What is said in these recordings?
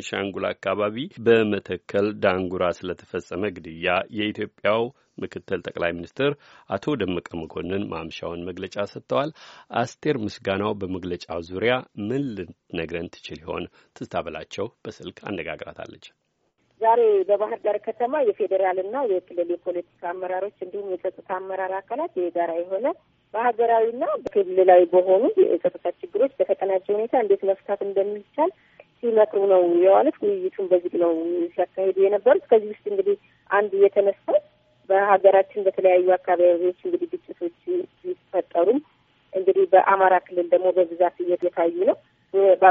ቤንሻንጉል አካባቢ በመተከል ዳንጉራ ስለተፈጸመ ግድያ የኢትዮጵያው ምክትል ጠቅላይ ሚኒስትር አቶ ደመቀ መኮንን ማምሻውን መግለጫ ሰጥተዋል። አስቴር ምስጋናው በመግለጫው ዙሪያ ምን ልትነግረን ትችል ይሆን? ትዝታ በላቸው በስልክ አነጋግራታለች። ዛሬ በባህር ዳር ከተማ የፌዴራልና የክልል የፖለቲካ አመራሮች እንዲሁም የጸጥታ አመራር አካላት የጋራ የሆነ በሀገራዊና በክልላዊ በሆኑ የጸጥታ ችግሮች በተቀናጀ ሁኔታ እንዴት መፍታት እንደሚቻል ሲመክሩ ነው የዋሉት። ውይይቱን በዚህ ነው ሲያካሂዱ የነበሩት። ከዚህ ውስጥ እንግዲህ አንድ የተነሳው በሀገራችን በተለያዩ አካባቢዎች እንግዲህ ግጭቶች ሲፈጠሩም እንግዲህ በአማራ ክልል ደግሞ በብዛት እየታዩ ነው።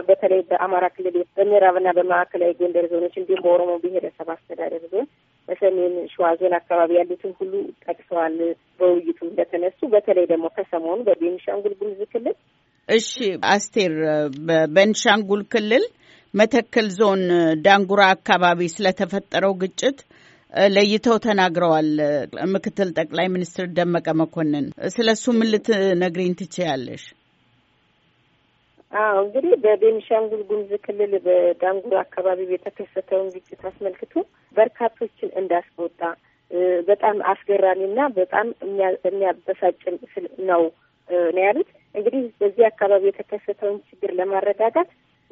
በተለይ በአማራ ክልል በምዕራብና በማዕከላዊ ጎንደር ዞኖች እንዲሁም በኦሮሞ ብሔረሰብ አስተዳደር ዞን በሰሜን ሸዋ ዞን አካባቢ ያሉትን ሁሉ ጠቅሰዋል። በውይይቱ እንደተነሱ በተለይ ደግሞ ከሰሞኑ በቤንሻንጉል ጉሙዝ ክልል እሺ፣ አስቴር በቤንሻንጉል ክልል መተከል ዞን ዳንጉራ አካባቢ ስለተፈጠረው ግጭት ለይተው ተናግረዋል። ምክትል ጠቅላይ ሚኒስትር ደመቀ መኮንን ስለ እሱ ምን ልትነግሪኝ ትችያለሽ? አዎ እንግዲህ በቤኒሻንጉል ጉምዝ ክልል በዳንጉራ አካባቢ የተከሰተውን ግጭት አስመልክቶ በርካቶችን እንዳስቆጣ በጣም አስገራሚና በጣም የሚያበሳጭም ነው ነው ያሉት። እንግዲህ በዚህ አካባቢ የተከሰተውን ችግር ለማረጋጋት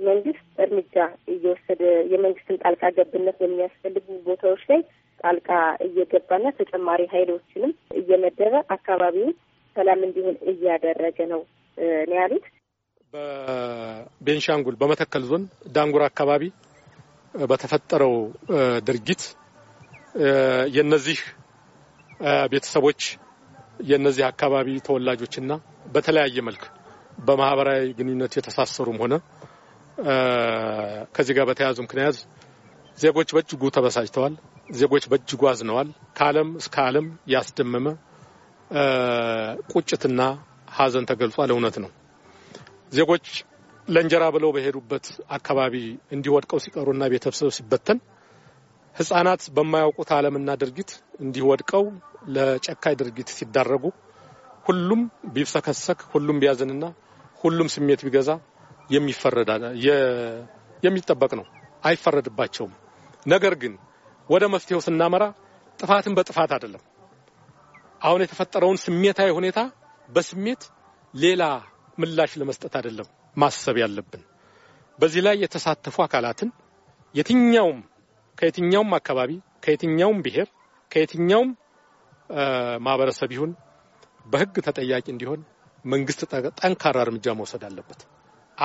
መንግስት እርምጃ እየወሰደ የመንግስትን ጣልቃ ገብነት በሚያስፈልጉ ቦታዎች ላይ ጣልቃ እየገባና ተጨማሪ ኃይሎችንም እየመደበ አካባቢውን ሰላም እንዲሆን እያደረገ ነው ነው ያሉት። በቤንሻንጉል በመተከል ዞን ዳንጉር አካባቢ በተፈጠረው ድርጊት የነዚህ ቤተሰቦች የነዚህ አካባቢ ተወላጆችና በተለያየ መልክ በማህበራዊ ግንኙነት የተሳሰሩም ሆነ ከዚህ ጋር በተያያዙ ምክንያት ዜጎች በእጅጉ ተበሳጭተዋል። ዜጎች በእጅጉ አዝነዋል። ከዓለም እስከ ዓለም ያስደመመ ቁጭትና ሐዘን ተገልጿል። እውነት ነው። ዜጎች ለእንጀራ ብለው በሄዱበት አካባቢ እንዲወድቀው ሲቀሩና ቤተሰብ ሲበተን ሕጻናት በማያውቁት ዓለምና ድርጊት እንዲወድቀው ለጨካይ ድርጊት ሲዳረጉ ሁሉም ቢብሰከሰክ ሁሉም ቢያዝንና ሁሉም ስሜት ቢገዛ የሚፈረዳ የሚጠበቅ ነው፣ አይፈረድባቸውም። ነገር ግን ወደ መፍትሄው ስናመራ ጥፋትን በጥፋት አይደለም። አሁን የተፈጠረውን ስሜታዊ ሁኔታ በስሜት ሌላ ምላሽ ለመስጠት አይደለም ማሰብ ያለብን። በዚህ ላይ የተሳተፉ አካላትን የትኛውም ከየትኛውም አካባቢ ከየትኛውም ብሔር ከየትኛውም ማህበረሰብ ይሁን በሕግ ተጠያቂ እንዲሆን መንግስት ጠንካራ እርምጃ መውሰድ አለበት።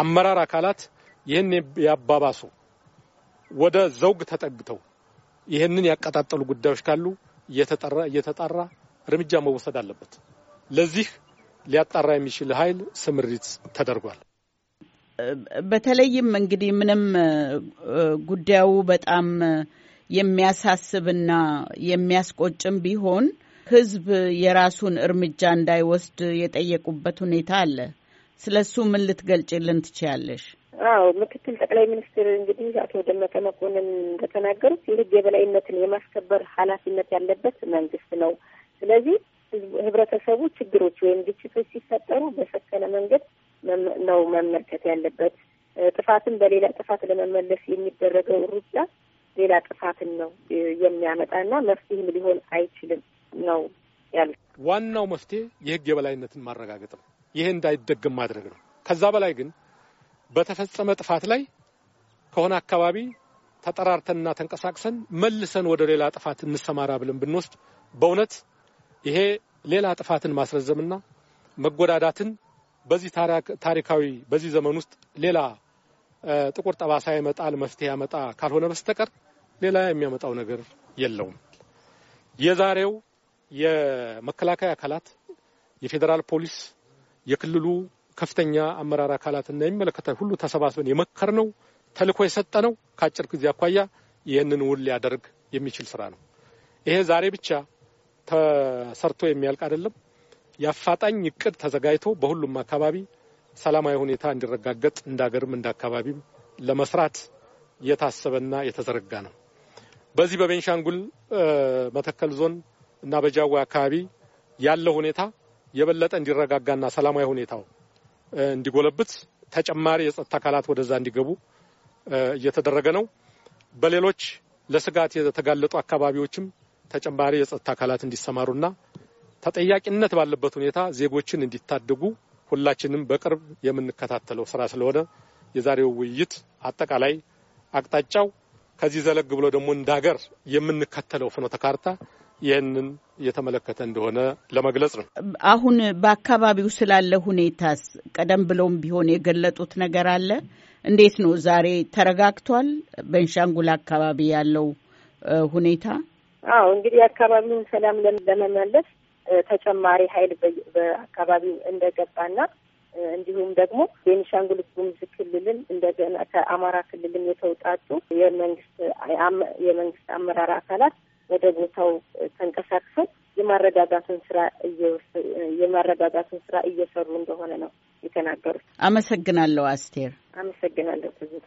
አመራር አካላት ይህን ያባባሱ ወደ ዘውግ ተጠግተው ይህንን ያቀጣጠሉ ጉዳዮች ካሉ እየተጣራ እርምጃ መወሰድ አለበት። ለዚህ ሊያጣራ የሚችል ኃይል ስምሪት ተደርጓል። በተለይም እንግዲህ ምንም ጉዳዩ በጣም የሚያሳስብና የሚያስቆጭም ቢሆን ሕዝብ የራሱን እርምጃ እንዳይወስድ የጠየቁበት ሁኔታ አለ። ስለ እሱ ምን ልትገልጭልን ትችያለሽ? አዎ ምክትል ጠቅላይ ሚኒስትር እንግዲህ አቶ ደመቀ መኮንን እንደተናገሩት የህግ የበላይነትን የማስከበር ኃላፊነት ያለበት መንግስት ነው። ስለዚህ ህብረተሰቡ ችግሮች ወይም ግጭቶች ሲፈጠሩ በሰከነ መንገድ ነው መመልከት ያለበት። ጥፋትን በሌላ ጥፋት ለመመለስ የሚደረገው ሩጫ ሌላ ጥፋትን ነው የሚያመጣና መፍትሄም ሊሆን አይችልም ነው ያሉት። ዋናው መፍትሄ የህግ የበላይነትን ማረጋገጥ ነው። ይሄ እንዳይደግም ማድረግ ነው። ከዛ በላይ ግን በተፈጸመ ጥፋት ላይ ከሆነ አካባቢ ተጠራርተንና ተንቀሳቅሰን መልሰን ወደ ሌላ ጥፋት እንሰማራ ብለን ብንወስድ በእውነት ይሄ ሌላ ጥፋትን ማስረዘምና መጎዳዳትን በዚህ ታሪካዊ በዚህ ዘመን ውስጥ ሌላ ጥቁር ጠባሳ ይመጣል መፍትሄ ያመጣ ካልሆነ በስተቀር ሌላ የሚያመጣው ነገር የለውም። የዛሬው የመከላከያ አካላት የፌዴራል ፖሊስ የክልሉ ከፍተኛ አመራር አካላትና የሚመለከታ ሁሉ ተሰባስበን የመከር ነው ተልእኮ የሰጠ ነው። ከአጭር ጊዜ አኳያ ይህንን ውል ሊያደርግ የሚችል ስራ ነው። ይሄ ዛሬ ብቻ ተሰርቶ የሚያልቅ አይደለም። የአፋጣኝ እቅድ ተዘጋጅቶ በሁሉም አካባቢ ሰላማዊ ሁኔታ እንዲረጋገጥ እንዳገርም አካባቢም ለመስራት የታሰበና የተዘረጋ ነው። በዚህ በቤንሻንጉል መተከል ዞን እና በጃዌ አካባቢ ያለው ሁኔታ የበለጠ እንዲረጋጋና ሰላማዊ ሁኔታው እንዲጎለብት ተጨማሪ የጸጥታ አካላት ወደዛ እንዲገቡ እየተደረገ ነው። በሌሎች ለስጋት የተጋለጡ አካባቢዎችም ተጨማሪ የጸጥታ አካላት እንዲሰማሩና ተጠያቂነት ባለበት ሁኔታ ዜጎችን እንዲታደጉ ሁላችንም በቅርብ የምንከታተለው ስራ ስለሆነ የዛሬው ውይይት አጠቃላይ አቅጣጫው ከዚህ ዘለግ ብሎ ደግሞ እንደ ሀገር የምንከተለው ፍኖተ ካርታ ይህንን እየተመለከተ እንደሆነ ለመግለጽ ነው። አሁን በአካባቢው ስላለ ሁኔታስ ቀደም ብለውም ቢሆን የገለጡት ነገር አለ። እንዴት ነው ዛሬ ተረጋግቷል? በንሻንጉል አካባቢ ያለው ሁኔታ? አዎ እንግዲህ የአካባቢውን ሰላም ለመመለስ ተጨማሪ ኃይል በአካባቢው እንደገባና እንዲሁም ደግሞ ቤኒሻንጉል ጉሙዝ ክልልን እንደገና ከአማራ ክልልም የተውጣጡ የመንግስት የመንግስት አመራር አካላት ወደ ቦታው ተንቀሳቅሰው የማረጋጋትን ስራ የማረጋጋትን ስራ እየሰሩ እንደሆነ ነው የተናገሩት። አመሰግናለሁ አስቴር። አመሰግናለሁ ትዝታ።